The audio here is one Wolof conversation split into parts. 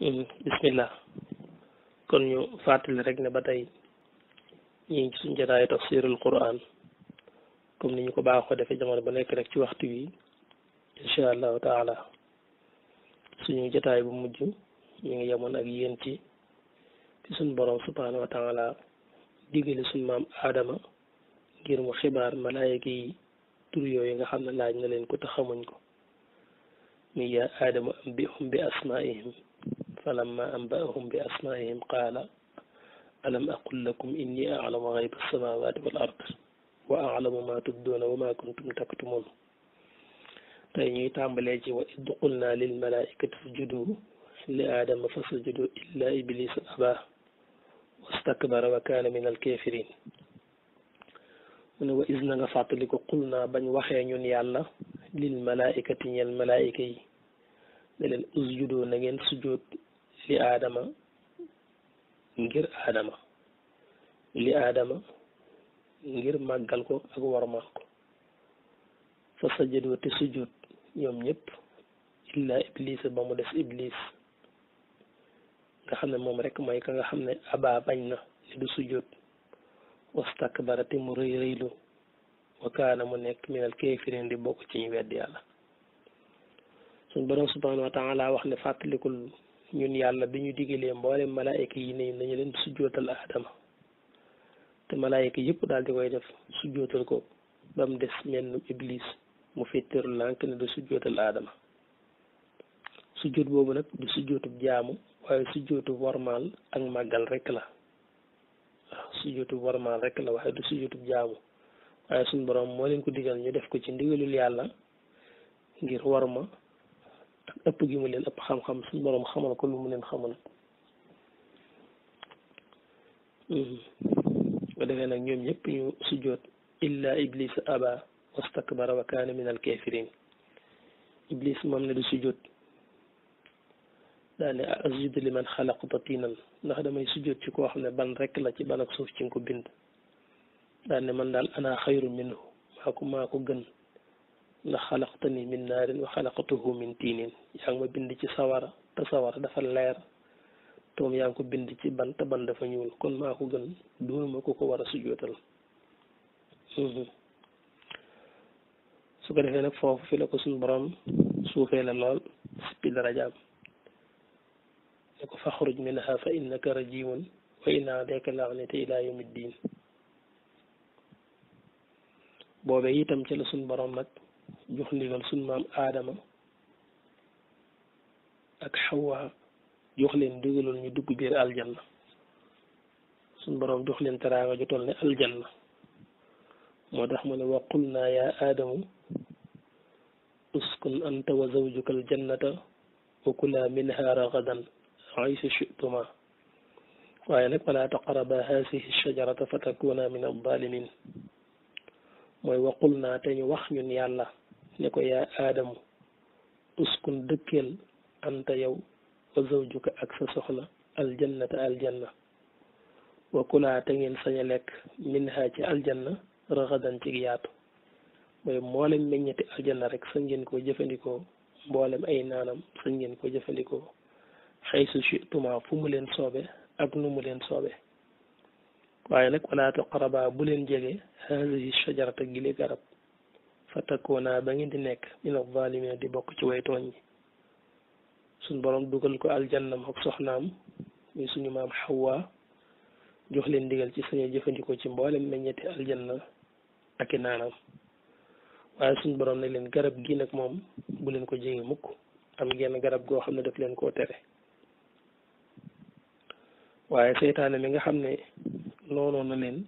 Hmm, bismillah kon ñu fàttali rek ne ba tey ñu ngi ci suñu jotaayu tafsirul quran comme ni ñu ko baaxoo defee jamono ba nekk rek ci waxtu wi incha allahu taala suñu jotaay bu mujj ñu ngi yamoon ak yéen ci ci suñu borom subhanahu wa taala suñ maam aadama ngir mu xibaar malaayika ki tur yooyu nga xam ne laaj na leen ko te xamuñ ko muy yaa aadama am bi hum bi asmaihim فلما أنبأهم بأسمائهم قال ألم أقل لكم إني أعلم غيب السماوات والأرض وأعلم ما تبدون وما كنتم تكتمون تاني تامبلاجي وإذ قلنا للملائكة اسجدوا لآدم فسجدوا إلا إبليس أبا واستكبر وكان من الكافرين من وإذ نغفعت لك قلنا بني وخيان يالا للملائكة يالملائكي للملائكة اسجدوا نغين سجود li aadama ngir aadama li aadama ngir màggal ko ak warmal ko fa sajadoo te sujjóot ñoom ñëpp illaa iblisa ba mu des iblis nga xam ne moom rek mooy ka nga xam ne abaa bañ na li du sujjóot wastakbara te mu rëy rëylu wa kaana mu nekk minal kéefirin di bokk ci ñu wedd yàlla suñ borom subhanahu wa taala wax ne fàttalikul ñun yàlla bi ñu digalee mboolem malaayka yi ne nañu leen sujjootal aadama te malaayka yëpp daal di koy def sujjootal ko ba mu des menn iblis mu fetteeru lànk ne du sujjootal aadama sujjoot boobu nag du sujjootub jaamu waaye sujjootub warmaal ak màggal rek la waaw sujjootub warmaal rek la waaye du sujjootub jaamu waaye suñu borom moo leen ko digal ñu def ko ci ndigalul yàlla ngir warma ak ëpp gi mu leen ëpp xam-xam suñu borom xamal ko lu mu leen xamal ba defee nag ñoom ñëpp ñu sujjoot illa iblis aba wastakbara wa kaana min alkafirin iblis moom ne du sujjoot daane asjud li man xalaqu tatiinan ndax damay sujjoot ci koo xam ne ban rek la ci ban ak suuf ci nga ko bind daane man daal ana xayru minhu maa ko maa ko gën خلقتني من نار وخلقته من تين يعني ما بندي شيء سوارة تسوارة دفع لير توم يعني كو بندي شيء بان تبان دفع نيول كل ما هو جن دون ما كو كوارا سجودل سكر هناك فوق في لك سن برام سوف إلى لال سبيل رجاب لك فخرج منها فإنك رجيم وإن عليك لعنة إلى يوم الدين بوبي تمشي لسن برام نك جخلل سنمام آدم أك حواء جخلل دغلل بير الجنة سنبرم جخلل تراغ جتول الجنة ودحمل وقلنا يا آدم اسكن أنت وزوجك الجنة وكلا منها رغدا عيش شئتما وعينك ولا تقرب هذه الشجرة فتكونا من الظالمين ويقولنا تاني وخن يا الله ne ko yaa aadamu uskun dëkkeel anta yow wa zawjuka ak sa soxna aljannata aljanna wa kulaa te ngeen sañ a lekk minha ci aljanna raxadan ci yaatu mboolem meññeti aljanna rek sañ ngeen koo jëfandikoo mboolem ay naanam sañ ngeen ko jëfandikoo xaysu situma fu mu leen soobe ak nu mu leen soobe waaye nag wala taqraba bu leen jege haadihi shajarata gile garab fa naa ba ngeen di nekk mina zaalimiina di bokk ci way tooñ yi suñ borom dugal ko aljanna ak soxnaam muy suñu maam Hawa jox leen digal ci suñu jëfandikoo ci mboolem meññeeti aljanna ak i naanam waaye suñ borom ne leen garab gi nag moom bu leen ko jege mukk am genn garab goo xam ne daf leen koo tere waaye seytaane mi nga xam ne looloo na leen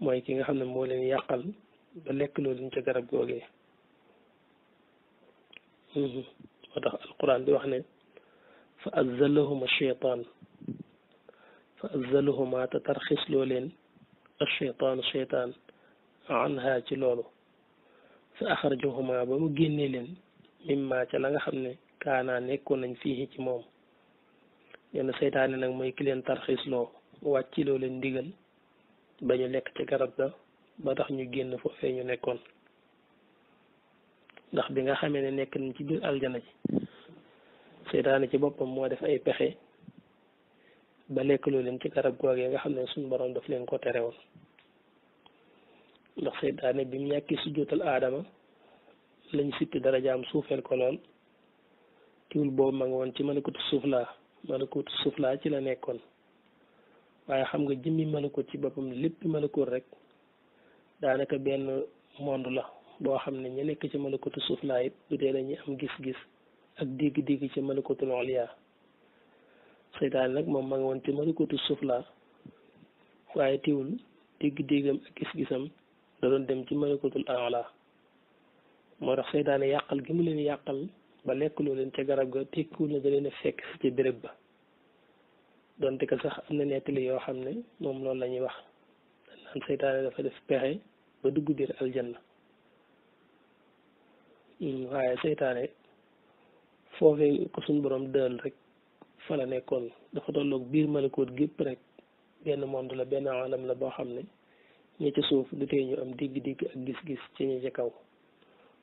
mooy ki nga xam ne moo leen yàqal ba lekk loolu ca garab googee mhm. moo tax alquran di wax ne fa azzalahuma cheytaan fa azzalahuma te tarxis loo leen acheytaanu cheytaan anha ci loolu fa axrajahuma ba mu génnee leen mimma ca la nga xam ne kaanaa nekkoon nañ fi ci moom yenn seytaane nag mooy kileen leen tarxiis loo wàcci loo leen ba ñu lekk ca garab ga ba tax ñu génn foofee ñu nekkoon ndax bi nga xamee ne nekk nañ ci biir aljana ji seytaane ci boppam moo def ay pexe ba lekkaloo leen ci garab googee nga xam ne suñu borom daf leen ko tere woon ndax seytaane bi mu ñàkkee sujjóotal aadama lañ sippi darajaam suufeel ko lool tiwul boobu ma nga woon ci malakutu suuf laa malakutu suuf laa ci la nekkoon waaye xam nga jëmmi malakut ci boppam lépp malakut rek daanaka benn monde la boo xam ne ñu nekk ci malakotu suuf laa it bu dee dañuy am gis-gis ak dégg-dégg ci malakotul ulya seytaane nag moom ma ngi woon ci malakotu suuf laa waaye teewul dégg-déggam ak gis-gisam da doon dem ci malakotul a'la moo tax seytaane yàqal gi mu leen yàqal ba lekkaloo leen ca garab ga tekkiwul ne da leen a fekk si ca béréb ba donte ko sax am na nettali yoo xam ne moom loolu la ñuy wax naan seytaane dafa def pexe ba dugg biir aljanna hmm, waaye seytaane foofee ko suñ borom dël rek fa la nekkoon dafa tolloog biir malakoot gépp rek benn monde la benn alam la boo xam ne ñi ci suuf du tee ñu am digg-digg ak gis-gis ci ñi ci kaw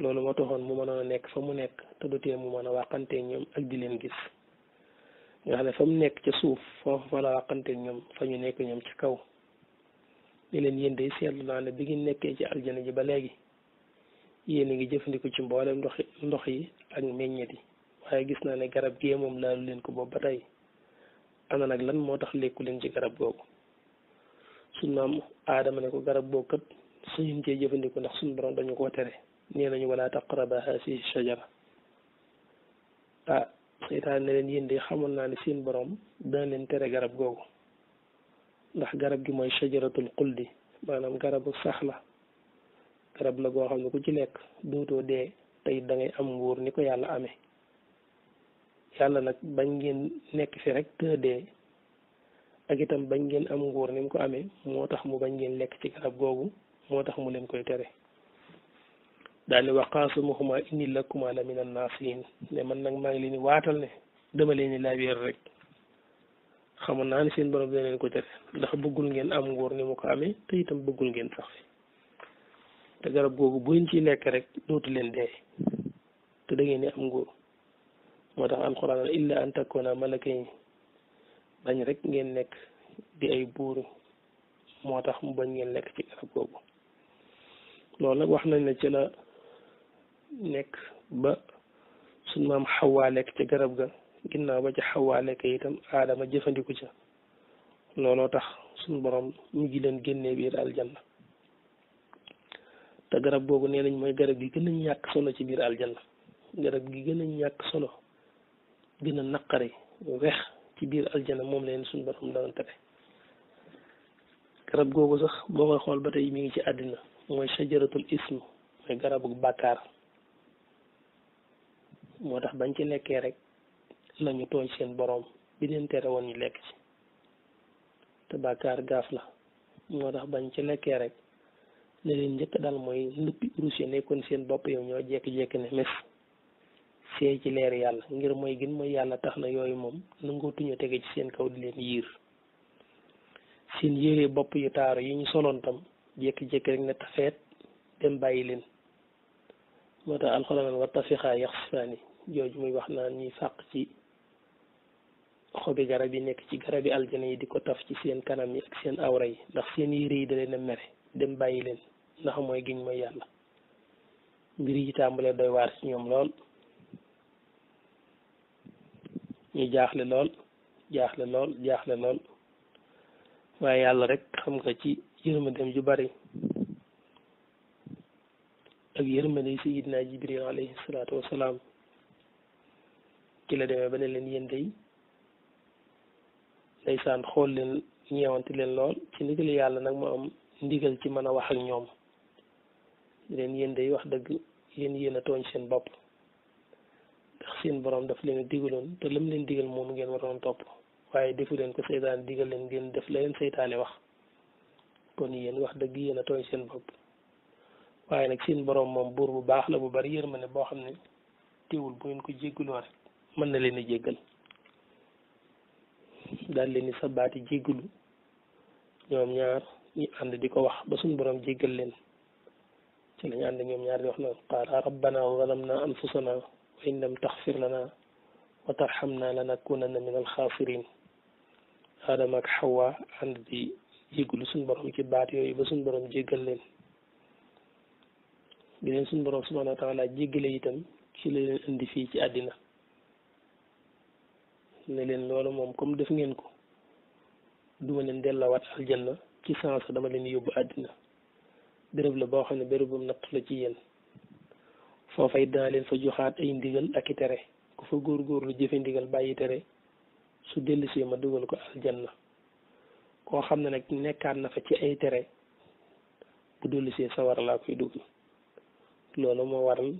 loolu moo mu mënoon a nekk fa mu nekk te du tee mu mën a wàqanteeg ñoom ak di leen gis nga xam ne fa mu nekk ca suuf foofu fa la wàqanteeg ñoom fa ñu nekk ñoom ci kaw ni leen yéen day seetlu naa ne bi ngeen nekkee ci aljana ji ba léegi yéen a ngi jëfandiku ci mboole ndox ndox yi ak meññet yi waaye gis naa ne garab gee moom laalu leen ko boobu ba tey am na nag lan moo tax lekku leen ci garab googu suñ maam aadama ne ko garab googu kat su ñu cee jëfandiku ndax suñu borom dañu koo tere nee nañu wala taqraba haasihi shajara ah seytaan ne leen yéen de xamoon naa ne seen boroom dana leen tere garab googu ndax garab gi mooy shajaratul xuldi maanaam garabu sax la garab la goo xam ne ku ci lekk dootoo dee te dangay am nguur ni ko yàlla ame yàlla nag bañ ngeen nekk ci rek te dee ak itam bañ ngeen am nguur ni mu ko amee moo tax mu bañ ngeen lekk ci garab googu moo tax mu leen koy tere daane wax qaasimuhumaa innii lakumaa la mina naasihiin ne man nag maa ngi leen di waatal ne dama leen di laaj weer rek xamoon naa ni seen borom dina leen ko tere ndax bëggul ngeen am nguur ni mu ko amee te itam bëggul ngeen sax fi te garab googu bu ngeen ciy lekk rek dootu leen dee te ngeen di am nguur moo tax alxuraan illa an takkoona malaka yi bañ rek ngeen nekk di ay buuru moo tax mu bañ ngeen lekk ci garab googu loolu nag wax nañ ne ci la nekk ba suñ am xawaa lekk ci garab ga ginnaaw ba ca xawaa nekk itam aadama jëfandiku ca looloo tax suñu boroom ñu ngi leen génnee biir aljanna te garab googu nee nañ mooy garab gi gën a ñàkk solo ci biir aljanna garab gi gën a ñàkk solo gën a naqari wex ci biir aljanna moom leen suñu borom dana tere garab googu sax boo koy xool ba tey mi ngi ci àddina mooy sajaratul ism mooy garabu bàkkaar moo tax bañ ci nekkee rek lañu tooy seen boroom bi leen tere woon ñu lekk ci te gaaf la moo tax bañ ci lekkee rek li leen njëkk dal mooy nduppi russe nekkoon seen bopp yow ñoo jekki-jekki ne mef see ci leer yàlla ngir mooy gën mooy yàlla tax na yooyu moom nangoo tuñu tege ci seen kaw di leen yiir seen yére bopp yu taaru yi ñu soloon tam jékki-jékki rek ne tafeet dem bàyyi leen moo tax alxuraan wa tafixa yaxsifaani jooju muy wax naan ñuy fàq ci xobi garab yi nekk ci garab yi aljana yi di ko taf ci seen kanam yi ak seen awra yi ndax seen yére yi dalee leen mere dem bàyyi leen ndax mooy giñ mooy yàlla mbir yi tàmbalee doy waar ci ñoom lool ñu jaaxle lool jaaxle lool jaaxle lool waaye yàlla rek xam nga ci yërmandeem ju bari ak yërmande sayidina jibril alayhi salaatu wasalaam ki la demee ba ne leen yéen day day ndeysaan xool leen ñeewanti leen lool ci ndigal yàlla nag moo am ndigal ci mën a wax ak ñoom leen yéen day wax dëgg yéen yéen a tooñ seen bopp ndax seen borom daf leen a digaloon te lam leen digal moom ngeen waroon topp waaye defu leen ko seytaan digal leen ngeen def leen seytaane wax kon yéen wax dëgg yéen a tooñ seen bopp waaye nag seen boroom moom buur bu baax la bu bari yërmande boo xam ne teewul bu ngeen ko jéggaloo rek mën na leen a jéggal daal leen sa baati jéggalu ñoom ñaar ñi ànd di ko wax ba suñu borom jéggal leen ci lañu ànd ñoom ñaar di wax naan qaala rabbana zalamna anfusana wa in lam taxfir lana wa tarxamna lanakunanna min alxaasirin aadama ak xawa ànd di jéggalu suñu borom ci baat yooyu ba suñu borom jéggal leen bi leen suñu borom subhanahu wa taala jéggale fii ci àddina ne leen loolu moom comme def ngeen ko duma leen delloowaat aljanna ci sens dama leen yóbbu àddina béréb la boo xam ne bérébum natt la ci yéen foofay dinaa leen fa joxaat ay ndigal ak i tere ku fa lu jëfe ndigal bàyyi tere su dellusee ma dugal ko aljanna koo xam ne nag nekkaat na fa ci ay tere bu dellusee sawar laa koy dugal loolu moo waral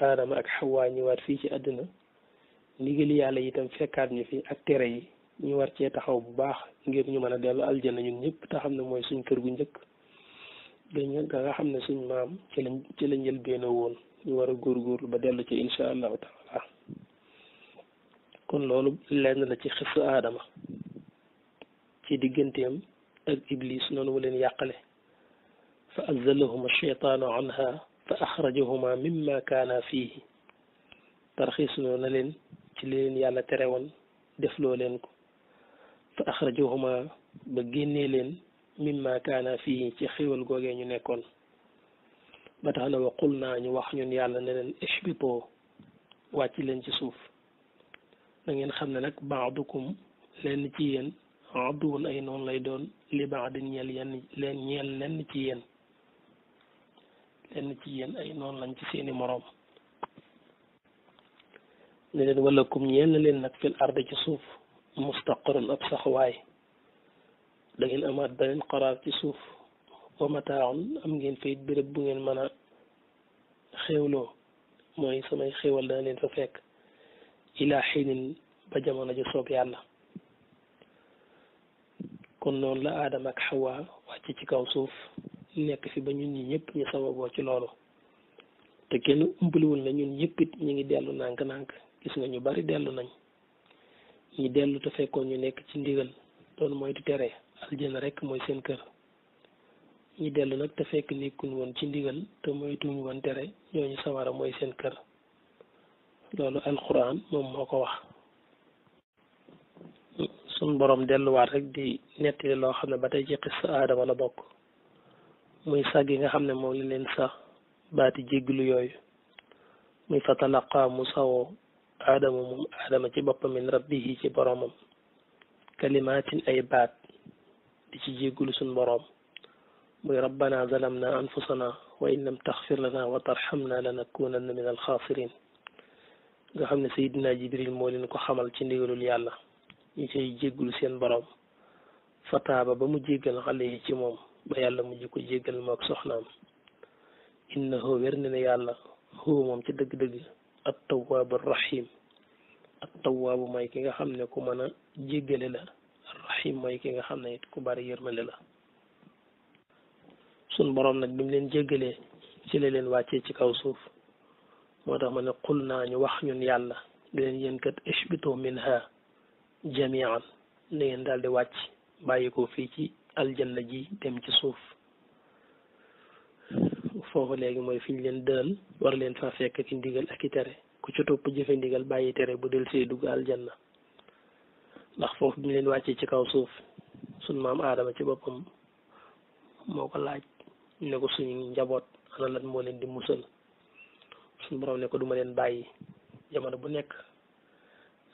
aadama ak xawaa ñëwaat fii ci àddina ndigali yàlla itam fekkaat ñu fi ak tere yi ñu war cee taxaw bu baax ngir ñu mën a dellu aljana ñun ñëpp te xam ne mooy suñ kër gu njëkk dañu xam ne suñ maam ci lañ ci la woon ñu war a góor góorgóorlu ba dellu ci insha allahu taala kon loolu lenn la ci xis aadama ci digganteem ak iblis noonu mu leen yàqale fa azalahuma cheytaanu anha fa axrajahuma mimma kaana fiihi tarxiis noonu leen ci li leen yàlla tere woon defloo leen ko fa axrajuhuma ba génnee leen mimma kaana fii ci xéwal googee ñu nekkoon ba tax na wa qul naa ñu wax ñun yàlla ne leen ishbitoo wàcc leen ci suuf da ngeen xam ne nag baadukum lenn ci yéen aduwun ay noonu lay doon li baadin ñeel yenn lenn ci yéen lenn ci yéen ay noon lañ ci seeni moroom ne leen wala kum ñeel leen nag fil arda ci suuf mustaqarun ab saxwaay da dangeen amaat beneen xaraar ci suuf wa mataaxun am ngeen fayit béréb bu ngeen mën a xéewloo mooy samay xéewal dana leen fa fekk ilaa xiinin ba jamono ji soob yàlla kon loolu la aadama ak xawa wàcc ci kaw suuf nekk ci ba ñun ñi ñëpp ñu sababoo ci loolu te kenn umpaliwul na ñun ñëpp ñu ngi dellu nànk-nànk gis nga ñu bari dellu nañ ñi dellu te fekkoon ñu nekk ci ndigal doon mooy di tere aljana rek mooy seen kër ñi dellu nag te fekk nekkuñ woon ci ndigal te moytuñ woon tere ñooñu sawara mooy seen kër loolu alquran moom moo ko wax suñ borom delluwaat rek di nettali loo xam ne ba tey ci xis aadama la bokk muy sag yi nga xam ne moom la leen sax baati jégglu yooyu muy mu sawoo آدم آدم تي من ربه تي بروم كلمات أي بات دي تي جي قول سن برام مي ربنا ظلمنا أنفسنا وإن لم تغفر لنا وترحمنا لنكونن من الخاسرين نحن سيدنا جبريل مولين كو خمال تي نيغلو ليالا يتي جي قول سن برام فتاب بمو جي قل غليه تي موم بيالا مو جي كو موك سخنام إنه ورنن يالا هو موم تي دق دق at tawwaab rahim at tawwaabu ki nga xam ne ku mën a jéggale la rahim mooy ki nga xam ne it ku bari yërmale la sun boroom nag bi leen jéggalee ci la leen wàccee ci kaw suuf moo tax ma ne xul naa ñu wax ñun yàlla di leen yéen kat ishbitu minha jamian na ngeen daal di wàcc bàyyi fii ci aljanna ji dem ci suuf foofu léegi mooy fi ñu leen dëral war leen faa fekk ci ndigal ak i tere ku ci topp jëfe ndigal bàyyi tere bu del see dugg aljanna ndax foofu bi leen wàccee ci kaw suuf suñ maam aadama ci boppam moo ko laaj ne ko suñu njaboot ana lan moo leen di musal suñ ko duma leen bàyyi jamono bu nekk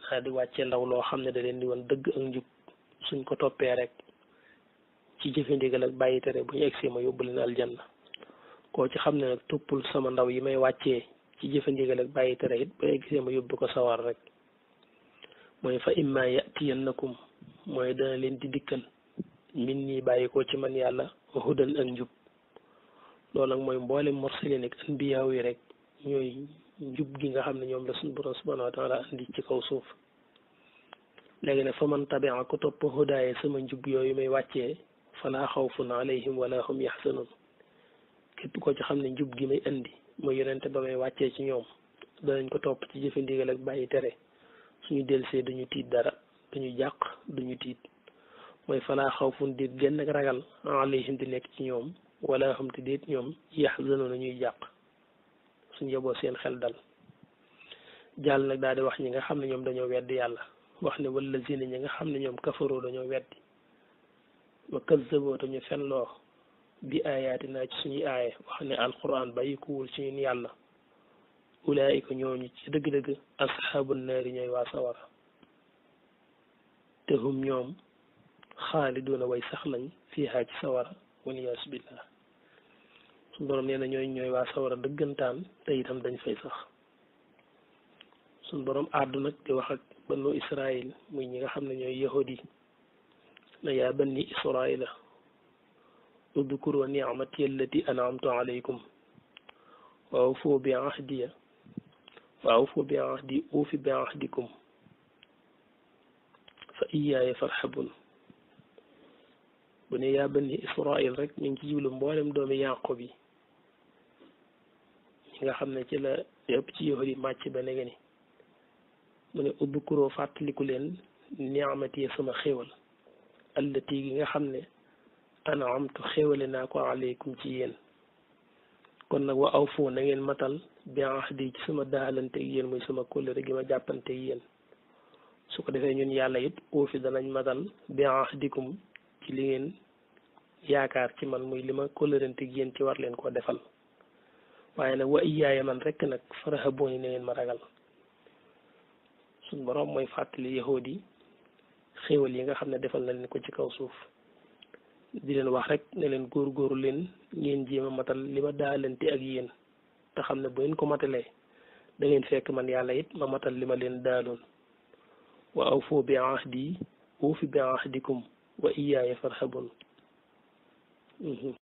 naa di wàccee ndaw loo xam ne da leen di woon dëgg ak njub suñ ko toppee rek ci jëfe ndigal ak bàyyi tere bu ñu egsee ma yóbbu leen aljanna koo ci xam ne nag toppul sama ndaw yi may wàccee ci jëfe ndigal ak bàyyi tere it ba gisee ma yóbbu ko sawar rek mooy fa imma yatiyannakum mooy dana leen di dikkal min nii bàyyi ko ci man yàlla hudan ak njub loolu nag mooy mboolem morsalin ak anbiyaaw rek ñooy njub gi nga xam ne ñoom la suñu borom subhanahu wa ci kaw suuf léegi nag fa man tabia ko topp hudaaye sama njub yooyu may wàccee falaa xawfun alayhim wala hum yaxsanun képp ko ci xam ne njub gi may indi mooy yonente ba may wàccee ci ñoom danañ ko topp ci jëfe ndigal ak bàyyi tere suñu delsee duñu tiit dara duñu jàq duñu tiit mooy falaa xawfun déet genn ak ragal alayhim di nekk ci ñoom wala xam te déet ñoom yaxzanoona ñuy jàq suñ yeboo seen xel dal jàll nag daal di wax ñi nga xam ne ñoom dañoo weddi yàlla wax ne wala zina ñi nga xam ne ñoom kafaroo dañoo weddi wa kazzaboo te ñu fenloo bi naa ci suñuy aaye wax ne alquran bàyyikuwul ci ñun yàlla ulaayika ñooñu ci dëgg-dëgg asxaabu naari ñooy waa sawara te hum ñoom xaaliduuna way sax lañ fiihaa ci sawara waliyaasu billah suñu borom nee na ñooy waa sawara dëggantaan te itam dañ fay sax suñu boroom àddu nag di wax ak banu israil muy ñi nga xam ne ñooy yahudi na yaa banni israila اذكروا نعمتي التي انعمت عليكم واوفوا بعهدي واوفوا بعهدي اوف بعهدكم فاياي فارحبون بني يا بني اسرائيل رك من جيبل مبالم دوم يعقوبي nga xamne ci la yepp ci yori macc ba nga ni mune ubbu kuro التي ni'amati sama xewal allati gi nga xamne anamtu xéwale naa ko aleykum ci yéen kon nag wa aw foo na matal bi ahdi ci sama daalante ak sama kóllëre gi jàppante ak su ko defee ñun yàlla it oofi danañ matal bi ahdikum ci li ngeen yaakaar ci man muy li ma kóllërante ak yéen ci war leen koo defal waaye nag wa iyaaya man rekk nag faraxa booni na ma ragal suñ borom mooy fàttali yahudi xéwal yi nga xam ne defal na leen ko ci kaw suuf di leen wax rek ne leen góor leen ngeen jéem a matal li ma daal daalante ak yéen te xam ne bu ngeen ko matalee da ngeen fekk man yàlla yit ma matal li ma leen daaloon wa awfu bi ahdi uufi bi ahdikum wa iyaaya farhabun mhm.